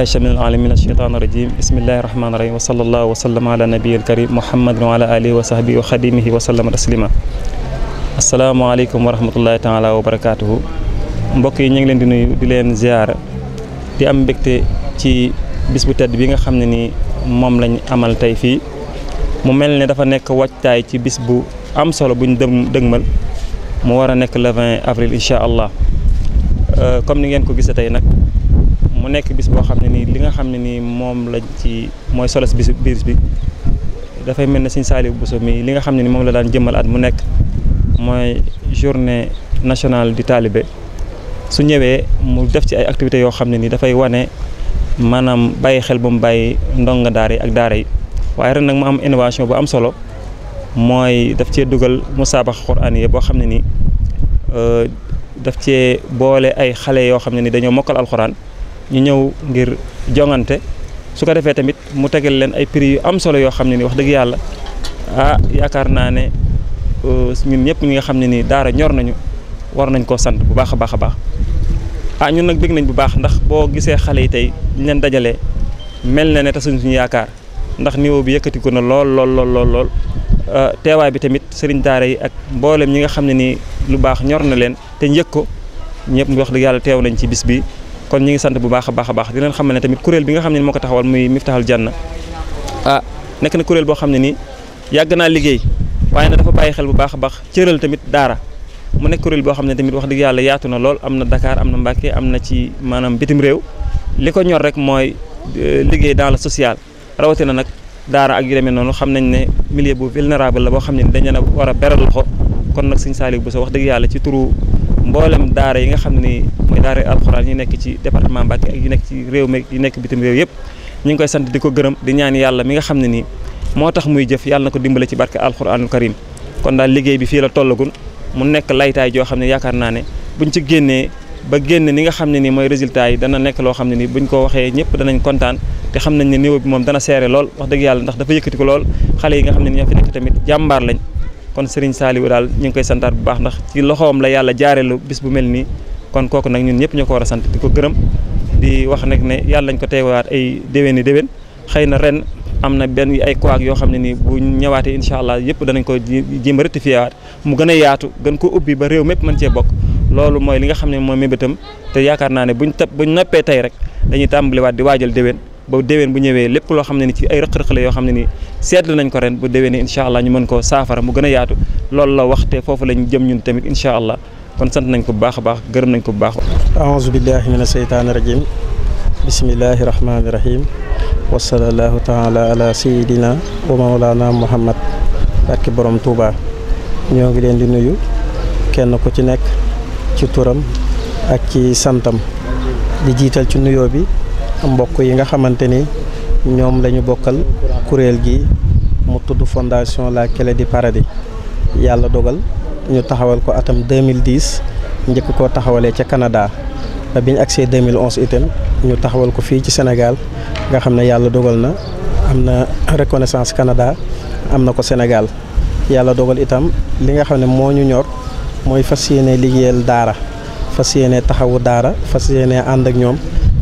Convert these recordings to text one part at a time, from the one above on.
من العالم من الشيطان الرجيم بسم الله الرحمن الرحيم وصلى الله وسلم على نبي الكريم محمد وعلى آله وصحبه وخديمه وسلم تسليما السلام عليكم ورحمة الله تعالى وبركاته mbokk yi ñu ngi leen di nuyu di leen ziar di am mbégte ci bis bu tedd bi nga xam ne ni moom lañ amal tey fii mu mel ne dafa nekk wàccaay ci bis bu am solo buñ dëm dëgmal mu war a nekk le 20 avril incha allah comme ni ngeen ko gisee tey nag mu nekk bis boo xam ne nii li nga xam ne nii moom lañ ci mooy solos bis biis bi dafay mel ne Sëñ Saliou Bousso mi li nga xam ne nii moom la daan jëmmal at mu nekk mooy journée nationale di talibé su ñëwee mu def ci ay activités yoo xam ne nii dafay wane maanaam bàyyi xel bu mu bàyyi ndonga daara yi ak daara yi waaye ren nag mu am innovation bu am solo mooy daf cee dugal mu musaabax xuraan yi boo xam ne nii euh, daf cee boole ay xale yoo xam ne ni dañoo mokkal alxuraan ñu ñëw ngir jongante su ko defee tamit mu tegal leen ay prix yu am solo yoo xam ne ni wax dëgg yàlla ah yaakaar naa ne euh, ñun ñëpp ñi nga xam ne nii daara ñor nañu war nañ koo sant bu baax a baax a baax a ah, ñun nag bëgg nañ bu baax ndax boo gisee xale yi tey ñu leen dajalee mel na ne tasuñ suñu yaakaar ndax niveau bi yëkkati ko na lool lool lool lool lool euh, teewaay bi tamit sëriñ daara yi ak mbooleem ñi nga xam ne nii lu baax ñor na leen te ñu yëg ko ñëpp wax dëgg yàlla teew nañ ci bis bi kon ñu ngi sant bu baax a baax a baax di leen xamal ne tamit kuréel bi nga xam ne moo ko taxawal muy Miftahoul Janna ah nekk na kuréel boo xam ne nii yàgg naa liggéey waaye nag dafa bàyyi xel bu baax a baax cëral tamit daara mu nekk kuréel boo xam ne tamit wax dëgg yàlla yaatu na lool am na dakaar am na Mbàkke am na ci maanaam bitim réew li ko ñor rek mooy e, liggéey dans le social rawatina nag daara ak yu demee noonu xam nañ ne milieu bu vulnérable la boo xam ne ni dañ leen a war a beral loxo kon nag Sëñ Saliou Bousso wax dëgg yàlla ci turu mboolem daara yi nga xam ne mooy daara alxuraan yu nekk ci département Mbacké ak yu nekk ci réew mi yu nekk bitim réew yëpp ñu ngi koy sant di ko gërëm di ñaan yàlla mi nga xam ne nii tax muy jëf yàlla ko dimbale ci barke alxuraanul karim kon daal liggéey bi fii la tollagul mu nekk laytaay joo xam ne yaakaar naa ne buñ ci génnee ba génn ni nga xam ne nii mooy résultat yi dana nekk loo xam ne nii buñ ko waxee ñëpp danañ kontaan te xam nañ ne niveau bi moom dana seere lool wax dëgg yàlla ndax dafa yëkkati ko lool xale yi nga xam ne ñoo fi nekk tamit jàmbaar lañ kon Serigne Saliou daal ñu ngi koy santaat bu baax ndax ci loxoom la yàlla jaareelu bis bu mel nii kon kooku nag ñun ñëpp ñoo ko war a sant di ko gërëm di wax nag ne yàlla nañ ko teewaat ay déwéni déwén xëy na ren am na benn ay couac yoo xam ne nii bu ñëwaatee incha allah yëpp danañ ko jéem a rectifié waat mu gën a yaatu gën ko ubbi ba réew mépp man cee bokk loolu mooy li nga xam ne mooy mébétam te yaakaar naa ne buñ buñ nappee tey rek dañuy tàmbaliwaat di waajal déwén ba déwén bu ñewé lepp lo xamné ni ci ay rëq-rëq la yo xamné ni sétlu nañ ko ren bu déwénee ni allah ñu mën ko saafara mu gëna yaatu loolu la waxté fofu lañ jëm ñun tamit inshallah kon sant nañ ko bu baax baax gërëm nañ ko bu baax billahi minash seytaani rajim bismillahir rahmanir rahim wa sallallahu taala ala sayidina wa maulana muhammad barki borom Touba ñoo ngi leen di nuyu kenn ko ci nek ci turam ak ci santam di jital ci nuyo bi mbokk yi nga xamante ni ñoom lañu bokkal kuréel gi mu tudd fondation La Clé di Paradis yàlla dogal ñu taxawal ko atam 2010 njëkk koo taxawalee ca Canada ba biñ agsee 2011 itam ñu taxawal ko fii ci Sénégal nga xam ne yàlla dogal na am na reconnaissance Canada am na ko Sénégal yàlla dogal itam li nga xam ne moo ñu ñor mooy fas yéene liggéeyal daara fas yéene taxawu daara fas yéene ànd ak ñoom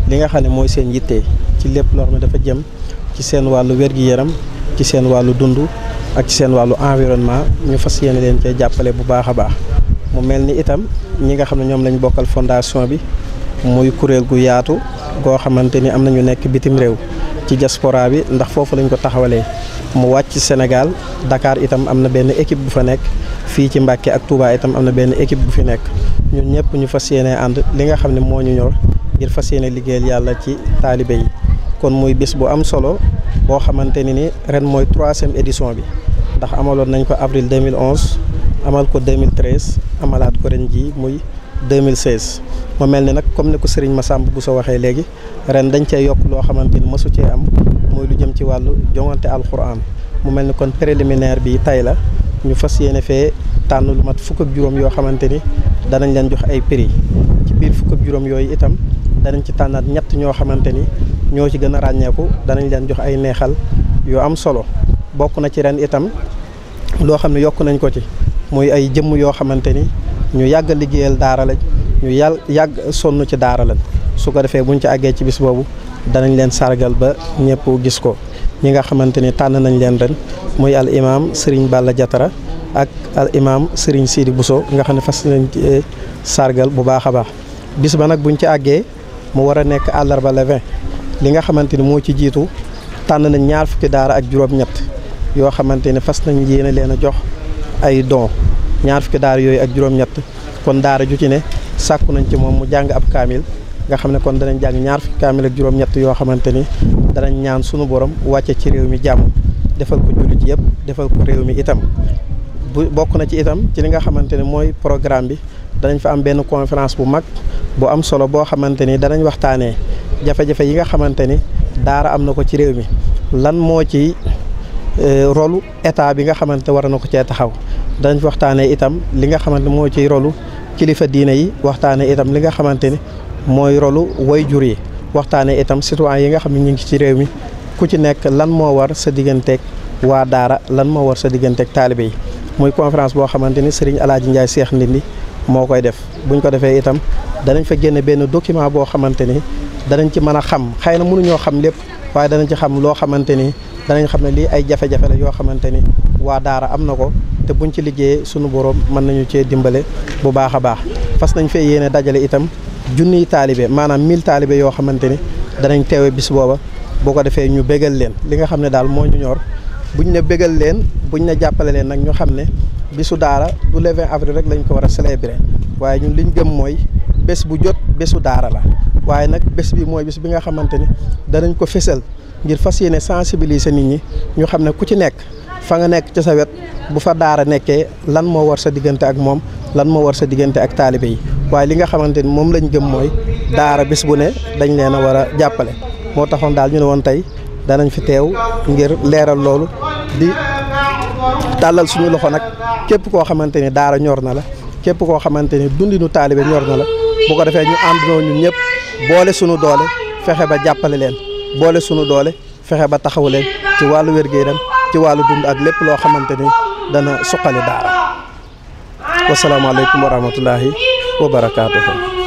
li nga xamne moy seen yitte ci lepp loo xam dafa jëm ci seen walu wergu yaram ci seen walu dundu ak ci seen walu environnement ñu fas leen cee bu baaxa baax mu melni ni itam ñi nga xamne ñom lañu bokal fondation bi moy kurel gu yaatu go xamanteni amna ñu nekk bitim rew ci diaspora bi ndax fofu lañ ko taxawalee mu wacc Senegal Dakar itam amna ben benn équipe bu fa nekk fi ci Mbàkke ak Touba itam amna ben benn équipe bu fi nekk ñun ñëpp ñu fas and li nga xamne ne ñu ñor ngir fas yéene liggéeyal yàlla ci taalibe yi kon muy bis bu am solo boh xamanteni ni rend moy 3 sem édition bi ndax amalon nañ ko avril 2011 amal ko 2013 amalat ko ren ji muy 2016 mo melni nak comme ni ko Serigne massamb bu so waxee léegi ren dañ cee yok lo xamanteni ni mësu am moy lu jëm ci walu jongante alcorane mu melni kon préliminaire bi tay la ñu fas fe tanu lu mat fukk ak juróom yo xamanteni ni danañ leen jox ay prix ci bir fukk ak yoy itam danañ ci tanat ñett ño xamanteni ño ci gëna rañéku ràññeeku leen jox ay neexal yu am solo bokku na ci ren itam lo xamni ne nañ ko ci muy ay jëm yoo xamanteni ñu yag liggéeyal daara lañ ñu yag yàgg sonn ci daara lañ su ko defee buñ ci aggé ci bis leen sargal ba ñepp gis ko ñi nga xamanteni tan nañ leen ren muy al imam Serigne Balla Jatara ak al imam Serigne Sidi busso nga xam fas nañ eh, sargal bu baaxa baax bis ba nak buñ ci aggé mu war a nekk àllarba le 20 li nga xamante ni moo ci jiitu tànn nañ ñaar fukki daara ak juróom-ñett yoo xamante ni fas nañ yéene leen a jox ay don ñaar fukki daara yooyu ak juróom-ñett kon daara ju ci ne sàkku nañ ci moom mu jàng ab kaamil nga xam ne kon danañ jàng ñaar fukki kaamil ak juróom-ñett yoo xamante ni danañ ñaan sunu borom wàcce ci réew mi jàmm defal ko jullit yëpp defal ko réew mi itam bu bokk na ci itam ci li nga xamante ne mooy programme bi dañ fa am benn conférence bu mag bu am solo boo xamante ni danañ waxtaanee jafe-jafe yi nga xamante ni daara am na ko ci réew mi lan moo ci euh, rolu état bi nga xamante war na ko cee taxaw danañ waxtaanee itam li nga xamante moo ci rolu kilifa diine yi waxtaanee itam li nga xamante ni mooy rolu wayjur yi waxtaanee itam citoyen yi nga xam ne ñu ngi ci réew mi ku ci nekk lan moo war sa digganteeg waa daara lan moo war sa digganteeg taalibe yi muy conférence boo xamante ni Serigne Alaaji Ndiaye Cheikh Ndindi moo koy def bu ñu ko defee itam danañ fa génn benn document boo xamante ni danañ ci mën a xam xëy na mënuñoo xam lépp waaye danañ ci xam loo xamante ni danañ xam ne lii ay jafe-jafe la yoo xamante ni waa daara am na ko te buñ ci liggéeyee suñu borom mën nañu cee dimbale bu baax a baax fas nañ fee yéene dajale itam junniy taalibe maanaam mille taalibe yoo xamante ni danañ teewe bis booba boo ko defee ñu bégal leen li nga xam ne daal moo ñu ñor buñ ne bégal leen buñ ne jàppale leen nag ñu xam ne bisu daara du levin 20 rek lañ ko war a célébrer waaye ñun liñ gëm mooy bés bu jot bésu daara la waaye nag bés bi mooy bis bi nga xamante ni danañ ko fésal ngir fas yéene sensibiliser nit ñi ñu xam ne ku ci nekk fa nga nekk ci sa wet bu fa daara nekkee lan moo war sa diggante ak moom lan moo war sa diggante ak taalibe yi waaye li nga xamante ni moom lañ gëm mooy daara bés bu ne dañ leen a war a jàppale moo taxoon daal ñu ne woon tey danañ fi teew ngir leeral loolu tàllal suñu loxo nag képp koo xamante ni daara ñor na la képp koo xamante ni dundinu taalibe ñor na la bu ko defee ñu àndandoo ñun ñëpp boole suñu doole fexe ba jàppale leen boole suñu doole fexe ba taxaw leen ci wàllu wér-gu-yaram ci wàllu dund ak lépp loo xamante ni dana suqali daara wasalaamaaleykum wa rahmatullahi wa barakaatuhu